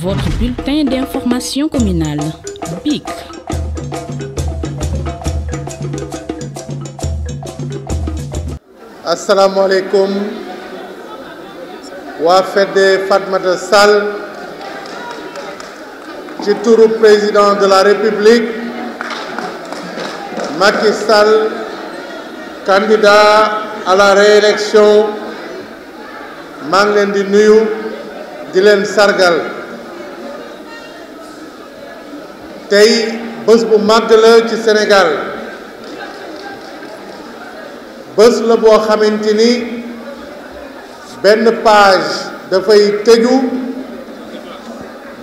Votre bulletin d'information communale, BIC. Assalamu alaikum. Wa Fatma de Sall. président de la République Macky Sall candidat à la réélection Manglendi Dylan sargal tey bés bu màgg la ci Sénégal bés la boo xamante ni benn page dafay tëju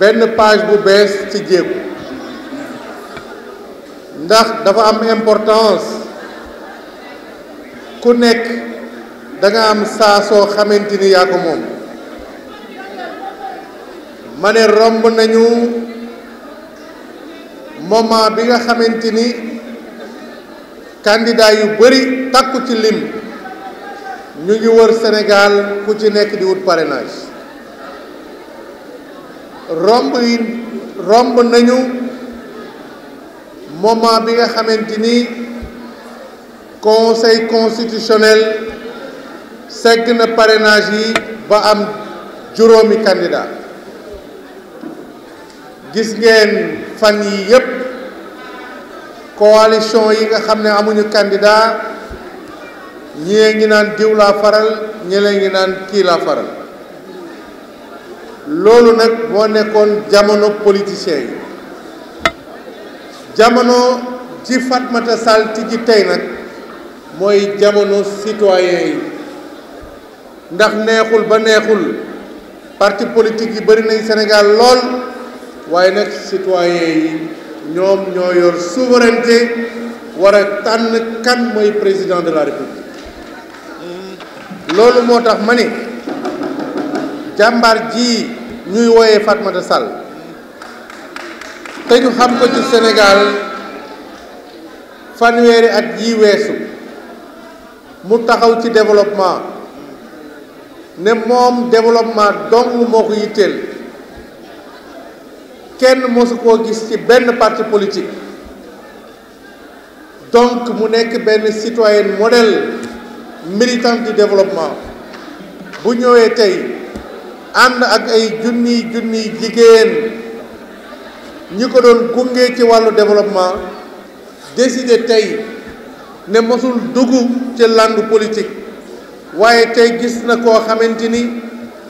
benn page bu bes ci jéegu ndax dafa am importance ku nekk da nga am saa soo xamante ni yaa ko moom ma romb nañu moment bi nga xamante ni candidat yu bëri takku ci lim ñu ngi wër Sénégal ku ci nekk di wut parrainage romb yi romb nañu moment bi nga xamante ni conseil constitutionnel segg na parrainage yi ba am juróomi candidat gis ngeen fan yi yépp coalition yi nga xam ne amuñu candidat ñi ngi naan diw laa faral ñële ngi naan kii laa faral loolu nag moo nekkoon jamono politiciens yi jamono ci Fatmata Sall ci ji tey nag mooy jamono citoyen yi ndax neexul ba neexul parti politique yi bari nañ Sénégal lool waaye nag citoyen yi ñoom ñoo yor souveraineté war a tànn kan mooy président de la république loolu moo tax ma ne jàmbaar ji ñuy wooyee Fatmata Sall te ñu xam ko ci Sénégal fanweeri at yi weesu mu taxaw ci développement ne moom développement dong moo ko yitteel kenn mosu koo gis ci benn parti politique donc mu nekk benn citoyen modèle militant du développement bu ñëwee tey ànd ak ay junniy junniy jigéen ñi ko doon gunge ci wàllu développement décidé tey ne mosul dugg ci langue politique waaye tey gis na koo xamante ni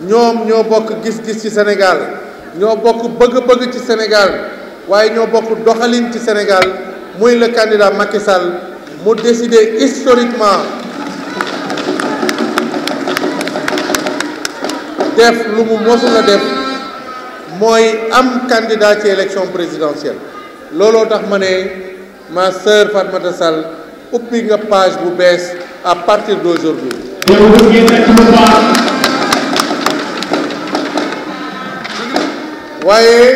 ñoom ñoo bokk gis-gis ci Sénégal ñoo bokk bëgg-bëgg ci Sénégal waaye ñoo bokk doxalin ci Sénégal muy le candidat Macky Sall mu décidé historiquement def lu mu mosul def mooy am candidat ci élection présidentielle looloo tax ma ne ma sœur Fatmata Sall ubbi nga page bu bees à partir d'aujourd'hui waaye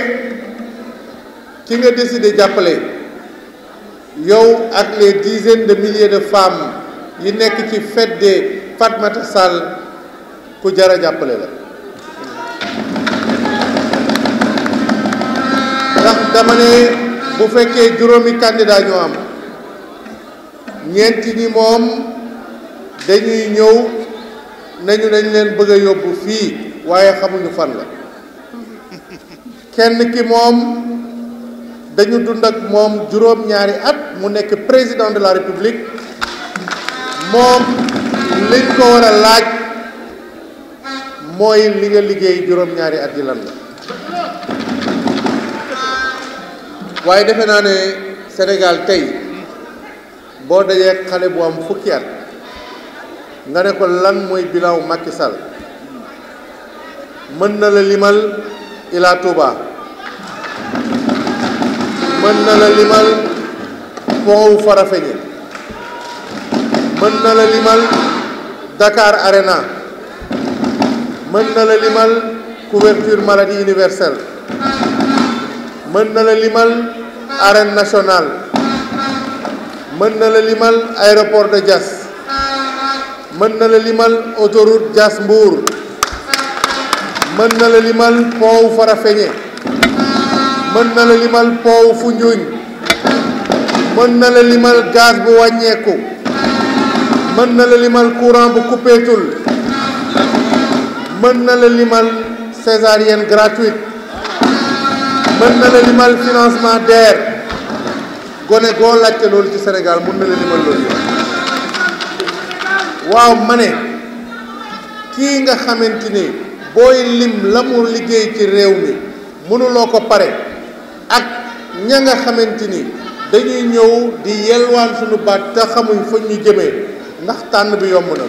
ki nga décidé jàppale yow ak les dizaines de milliers de femmes yi nekk ci fête des Fatmata Sall ku jar a jàppale la ndax dama ne bu fekkee juróomi candidat ñoo am ñeenti ñi moom dañuy ñëw nañu dañ leen bëgg a yóbbu fii waaye xamuñu fan la kenn ki moom dañu dund ak moom juróom-ñaari at mu nekk président de la république moom liñ ko war a laaj mooy li liggéey juróom-ñaari at yi lan la waaye defe naa ne Sénégal tey boo dajee xale bu am fukki at nga ne ko lan mooy bilan Macky Sall mën na la limal ila Touba mën na la limal pont Farafeñe mën na la limal Dakar Arena mën na la limal couverture maladie universelle mën na la limal arène nationale mën na la limal aéroport de Diass mën na la limal autoroute Diass Mbour mën na la limal poow Farafeñe mën na la limal poow Foundiougne mën na la limal gaz bu wàññeeku mën na la limal courant bu coupétul mën na la limal césarienne gratuite mën na la limal financement DER gone goo laajte loolu ci Sénégal mën na la limal loolu waaw ma ne kii nga xamante ni booy lim la mu liggéey ci réew mi mënuloo ko pare ak ña nga xamante ni dañuy ñëw di yelwaan suñu baat te xamuñ fa ñu jëme ndax tànn bi yomb na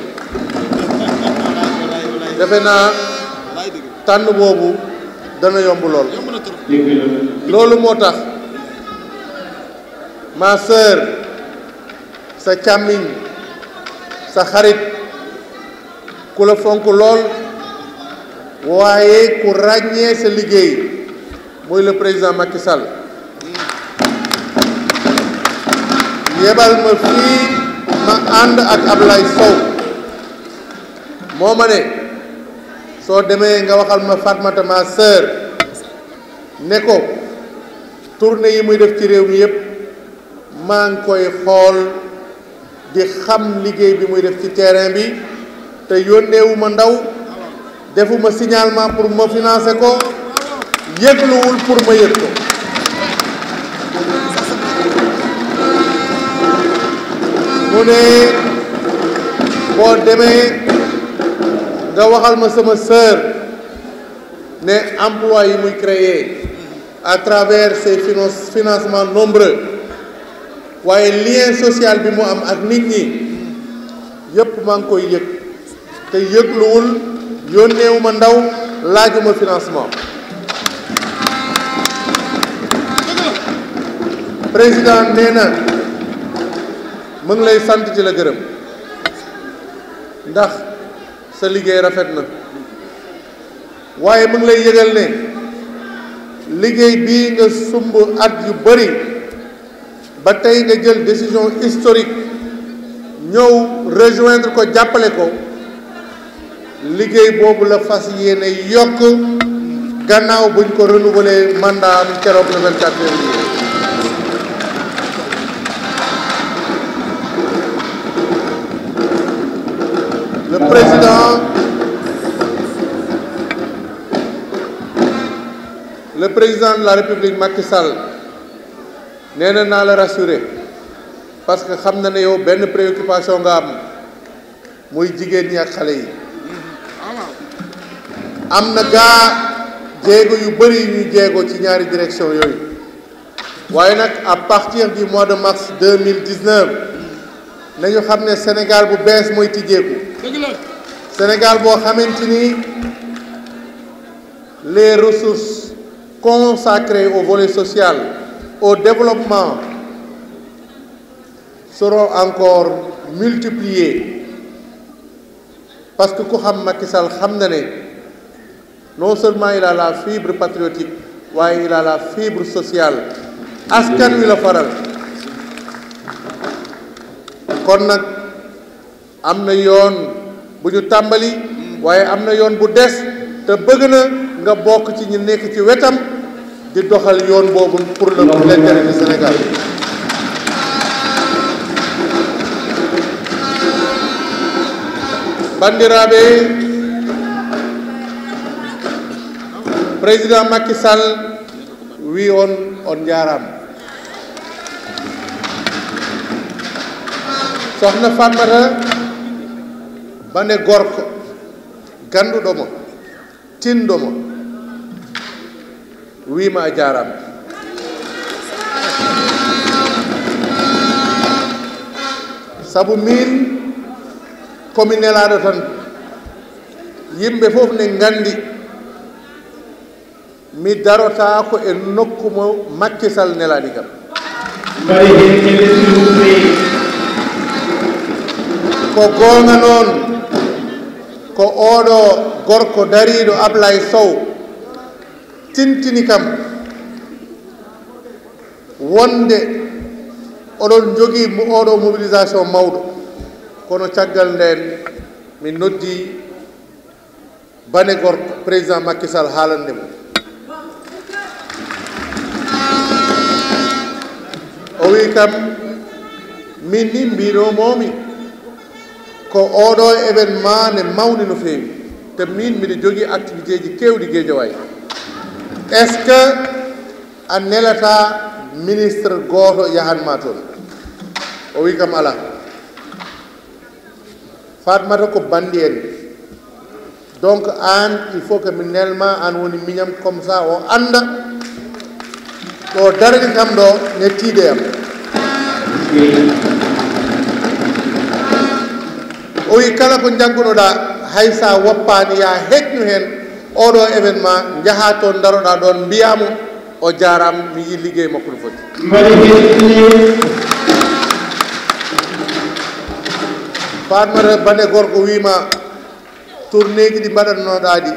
defe naa tànn boobu dana yomb lool loolu moo tax ma sœur sa càmmiñ sa xarit ku la fonk lool waaye ku ràññee sa liggéey muy la président Macky yebal ma fii ma ànd ak Ablaye Sow moo ma ne soo demee nga waxal ma Fatmata ma sœur ne ko tournée yi muy def ci réew mi yépp maa ngi koy xool di xam liggéey bi muy def ci terrain bi te yónneewu ma ndaw defuma signalement pour ma financer ko yëgluwul pour ma yëg ko mu ne boo demee nga waxal ma sama sœur ne emploi yi muy créer à travers ces finance financements nombreux waye lien social bi mu am ak nit ñi yépp maa ngi koy yëg te yëgluwul yónneewu ma ndaw laajuma financement président nee na mu ngi lay sant ci la gërëm ndax sa liggéey rafet na waaye mu ngi lay yëgal ne liggéey bii nga sumb at yu bari ba tey nga jël décision historique ñëw rejoindre ko jàppale ko liggéey bobu la fas yene yok gannaaw buñ ko renouveler mandat am le 24 février le président le président de la république Macky Sall néna na la rassurer parce que xamna né yow ben préoccupation nga am muy jigéen ñi ak xalé yi am na gaa jéego yu bëri ñu ci ñaari direction yooyu waaye à partir du mois de mars 2019, nous dix que nañu Sénégal bu bees mooy Sénégal boo xamante les ressources consacrées au volet social au développement seront encore multipliées parce que ku xam Macky Sall xam na non seulement il a la fibre patriotique mais il a la fibre sociale askan wi la faral kon nag am na tambali bu ñu tàmbali waaye bu dess te bëgg na nga bok ci ñi nekk ci wetam di doxal yoon bobu pour le pour l'intérêt du Sénégal bandirabe président macky sall wi on on jaarama sohna fammata bane gorko ganduɗomo tinɗomo wima a jarama saabu min komi nelaɗo tan yimɓe foof ne gandi mi darotaako e nokku mo makkisal nelaani kam e ko goonga noon ko ooɗo gorko dariiɗo ablay sow tintini kam wonde oɗon jogii mo ooɗo mobilisation mawɗo kono caggal ndeen mi noddi bane gorko président makkisal haalande mum wi kam min ni mbinomomi ko oɗo événement ne mawni no fewi te min mbiɗa jogui activité ji kewɗi guejo way est ce que a nelata ministre goto yahanma toon o wi kam ala fatmata ko bandi en donc an il faut que mi nelma an woni miñam comme ça o anda ɗo dargue kam ɗo nettideyam o wi kala ko jaggunoɗa hay sa woppani ya heƴnu hen oɗo événement jaaha toon daroɗa ɗon mbiyamo o jaram mi yi ligguey makko no foti paatmata bande gorko wima tournée ji ɗi mbaɗannoɗa ɗi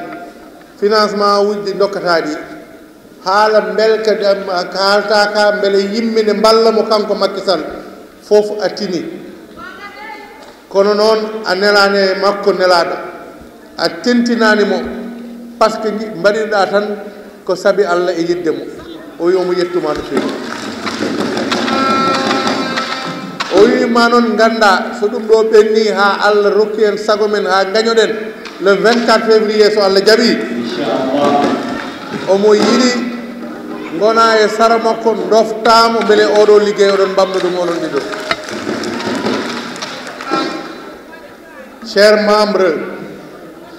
financement uji ɗi dokkata ɗi haala belka kaltaka beele yimmine mballamo kanko makkisal fof a tini kono noon a nelaani e makko nelaaɗo a tentinaani mo par ce que mbaɗirɗaa tan ko sabi allah e yidde mo o wi omo yettuma no feewi o wi ma noon ngannda so ɗum ɗo ɓenni haa allah rokki en sago men haa gañoɗen le 24 février so allah jaɓii omo yiɗi chers membres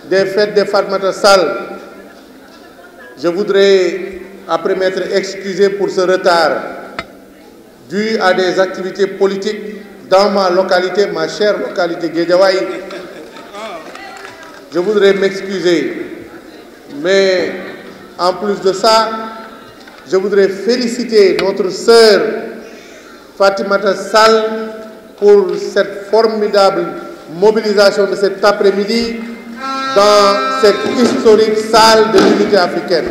des fêtes de Fatmata je voudrais après m'être excusé pour ce retard dû à des activités politiques dans ma localité, ma chère localité Guédiawaï. Je voudrais m'excuser, mais en plus de ça, je voudrais féliciter notre sœur Fatimata Sall pour cette formidable mobilisation de cet après-midi dans cette historique salle de l'unité africaine.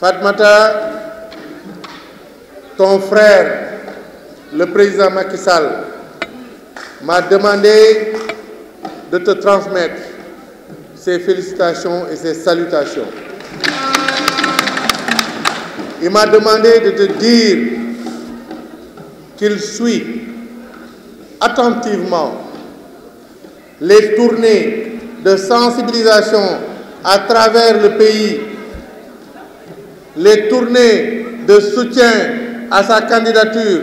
Fatmata, ton frère, le président Macky Sall, m'a demandé de te transmettre ses félicitations et ses salutations. Il m'a demandé de te dire qu'il suit attentivement les tournées de sensibilisation à travers le pays, les tournées de soutien à sa candidature,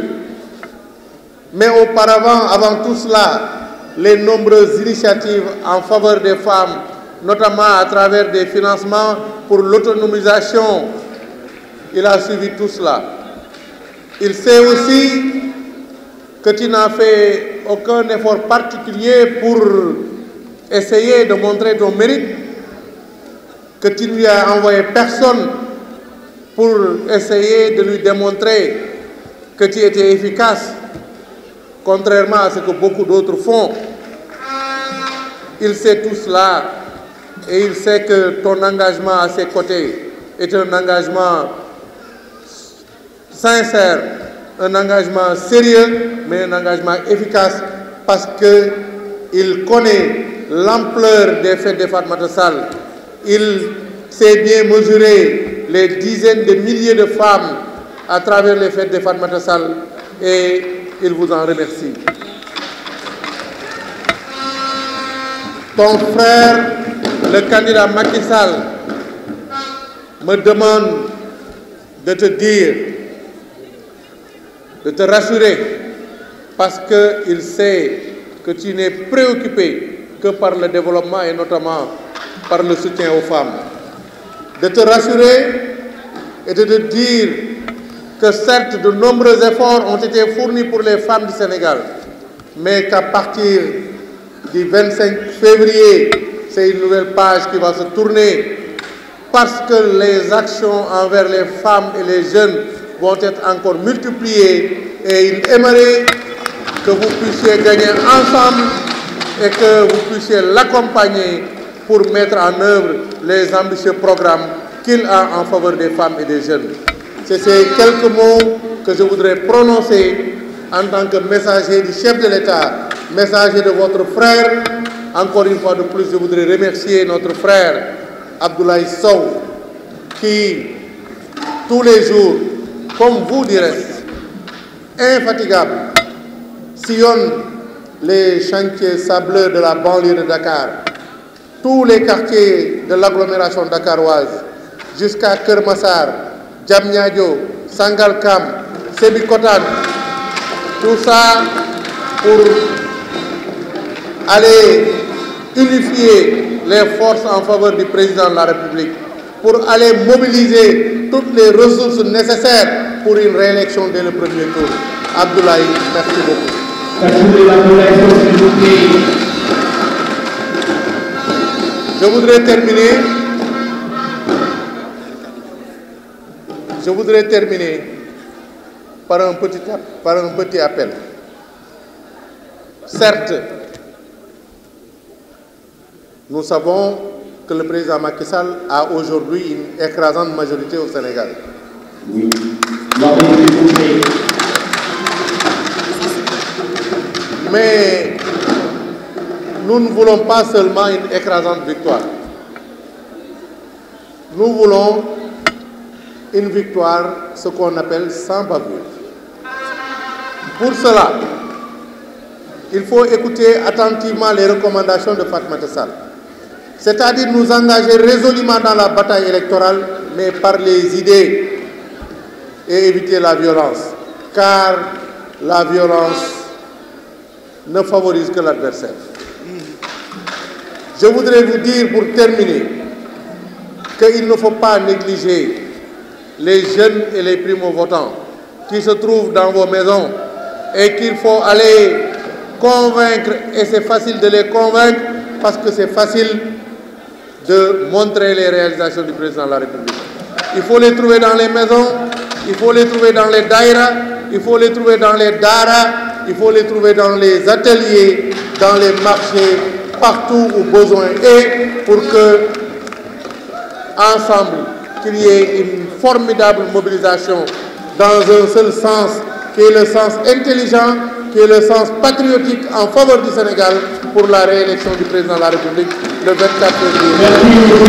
mais auparavant, avant tout cela, les nombreuses initiatives en faveur des femmes notamment à travers des financements pour l'autonomisation. Il a suivi tout cela. Il sait aussi que tu n'as fait aucun effort particulier pour essayer de montrer ton mérite, que tu ne lui as envoyé personne pour essayer de lui démontrer que tu étais efficace, contrairement à ce que beaucoup d'autres font. Il sait tout cela et il sait que ton engagement à ses côtés est un engagement sincère, un engagement sérieux, mais un engagement efficace parce qu'il connaît l'ampleur des fêtes de Sall. Il sait bien mesurer les dizaines de milliers de femmes à travers les fêtes de Sall et il vous en remercie. Ton frère le candidat Macky Sall me demande de te dire, de te rassurer, parce qu'il sait que tu n'es préoccupé que par le développement et notamment par le soutien aux femmes. De te rassurer et de te dire que certes de nombreux efforts ont été fournis pour les femmes du Sénégal, mais qu'à partir du 25 février c'est une nouvelle page qui va se tourner parce que les actions envers les femmes et les jeunes vont être encore multipliées et il aimerait que vous puissiez gagner ensemble et que vous puissiez l'accompagner pour mettre en œuvre les ambitieux programmes qu'il a en faveur des femmes et des jeunes. C'est ces quelques mots que je voudrais prononcer en tant que messager du chef de l'État, messager de votre frère, encore une fois de plus, je voudrais remercier notre frère Abdoulaye Sow qui, tous les jours, comme vous direz, infatigable, sillonne les chantiers sableux de la banlieue de Dakar, tous les quartiers de l'agglomération dakaroise, jusqu'à Kermassar, Djamnyadjo, Sangalkam, Sebikotan, tout ça pour aller unifier les forces en faveur du président de la République pour aller mobiliser toutes les ressources nécessaires pour une réélection dès le premier tour. Abdoulaye, merci beaucoup. Je voudrais terminer. Je voudrais terminer par un petit, par un petit appel. Certes, nous savons que le président Macky Sall a aujourd'hui une écrasante majorité au Sénégal. Mais nous ne voulons pas seulement une écrasante victoire. Nous voulons une victoire, ce qu'on appelle sans bavure. Pour cela, il faut écouter attentivement les recommandations de Fatma Tessal c'est-à-dire nous engager résolument dans la bataille électorale, mais par les idées et éviter la violence, car la violence ne favorise que l'adversaire. Je voudrais vous dire pour terminer qu'il ne faut pas négliger les jeunes et les primo-votants qui se trouvent dans vos maisons et qu'il faut aller convaincre, et c'est facile de les convaincre parce que c'est facile de montrer les réalisations du président de la République. Il faut les trouver dans les maisons, il faut les trouver dans les daïras, il faut les trouver dans les daras, il faut les trouver dans les ateliers, dans les marchés, partout où besoin est, pour que, ensemble, qu'il y ait une formidable mobilisation dans un seul sens, qui est le sens intelligent qui est le sens patriotique en faveur du Sénégal pour la réélection du président de la République le 24 février.